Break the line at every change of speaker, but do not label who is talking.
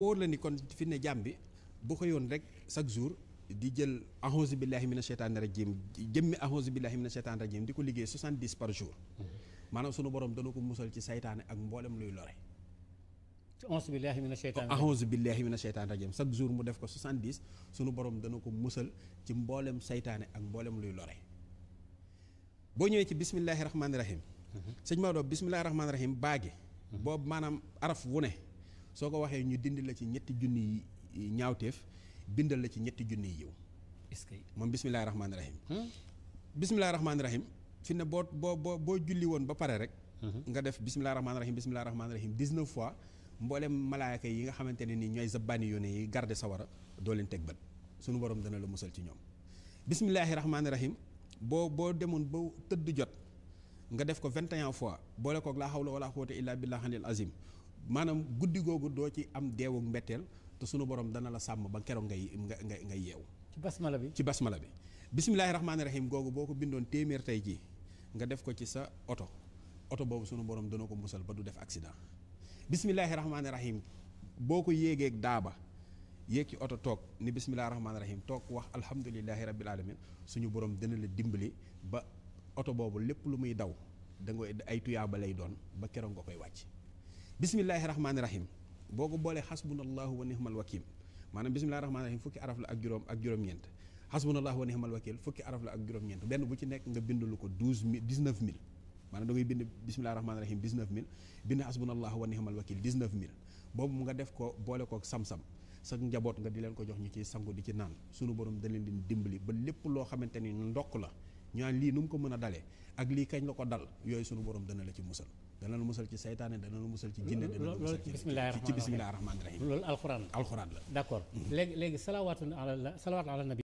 wóor la ni kon fi ne jàmm bi bu ko yoon rek chaque jour di jël ahousu billahi mina sheytaani rajim jëmmi ahousu billahi mina sheytaani rajim di ko liggéey soixante-dix par jour maanaam sunu borom dana ko musal ci seytaane ak mboolem luy lore ahousu billahi mina sheytaani ahousu billahi mina sheytaani rajim chaque jour mu def ko soixante-dix sunu borom dana ko musal ci mboolem saytaane ak mboolem luy lore boo ñëwee ci bismillahi rahmaani rahim sëñ Maodo bismillahi rahmaani rahim baagi boobu maanaam araf wu ne soo ko waxee ñu dindi la ci ñetti junni yi ñaawteef bindal la ci ñetti junni yi yow. est-ce moom bisimilah rahmaani rahim. Hmm? bisimilah rahmaani rahim fi ne boo boo boo boo julli woon ba pare rek. Hmm. nga def bisimilah rahmaani rahim bisimilah rahmaani rahim 19 fois mboolem malaayka yi nga xamante ne ni ñooy zabbaani yoone yi garde sawara doo leen teg bët sunu borom dana la musal ci ñoom. bisimilah rahmaani rahim boo boo demoon ba tëdd jot. nga def ko 21 fois boole koog laa hawla wala quwwata illa billahil azim maanaam guddi googu doo ci am deewu mbetteel te sunu borom dana la sàmm ba keroog ngay ngay ngay yeewu. ci basmala bi ci basmala bi. bismillaahi rahmaani rahiim googu boo ko bindoon téeméer tey jii nga def ko ci sa oto oto boobu sunu borom dana ko musal ba du def accident. bismillaahi rahmaani rahiim boo ko yéegeeg daaba yéeg ci oto toog ni bismillaahi rahmaani rahiim toog wax alhamdulillaahi rabbil aalamiin suñu borom dana la dimbali ba oto boobu lépp lu muy daw da nga ay tuyaaba lay doon ba keroog nga koy wàcc. bismillahi rahmaani rahim boo ko boolee xasbunallahu wa nihmal wakiil maanaam bismillahi rahmaani rahim fukki araf la ak juróom ak juróom-ñeent xasbunallahu wa nihmal wakiil fukki araf la ak juróom-ñeent benn bu ci nekk nga bind ko douze mille dix-neuf mille maanaam da ngay bind bismillahi rahmaani rahim dix-neuf mille bind xasbunallahu wa nihmal boobu nga def ko boole kook sam-sam sa njaboot nga di leen ko jox ñu ci sangu di ci naan sunu borom da leen dimbali ba lé loo xamante ni ndokk la ñu lii nu mu ko mën a dalee ak lii kañ la ko dal yooyu sunu borom dana la ci musal dana nu musal ci saytaane dana nu musal ci jinne dana nu musal ci bismillahi rahmaani rahim loolu alxuraan la alxuraan la d'accord mm-hmm. léegi léegi salawaatu ala salawaatu na bi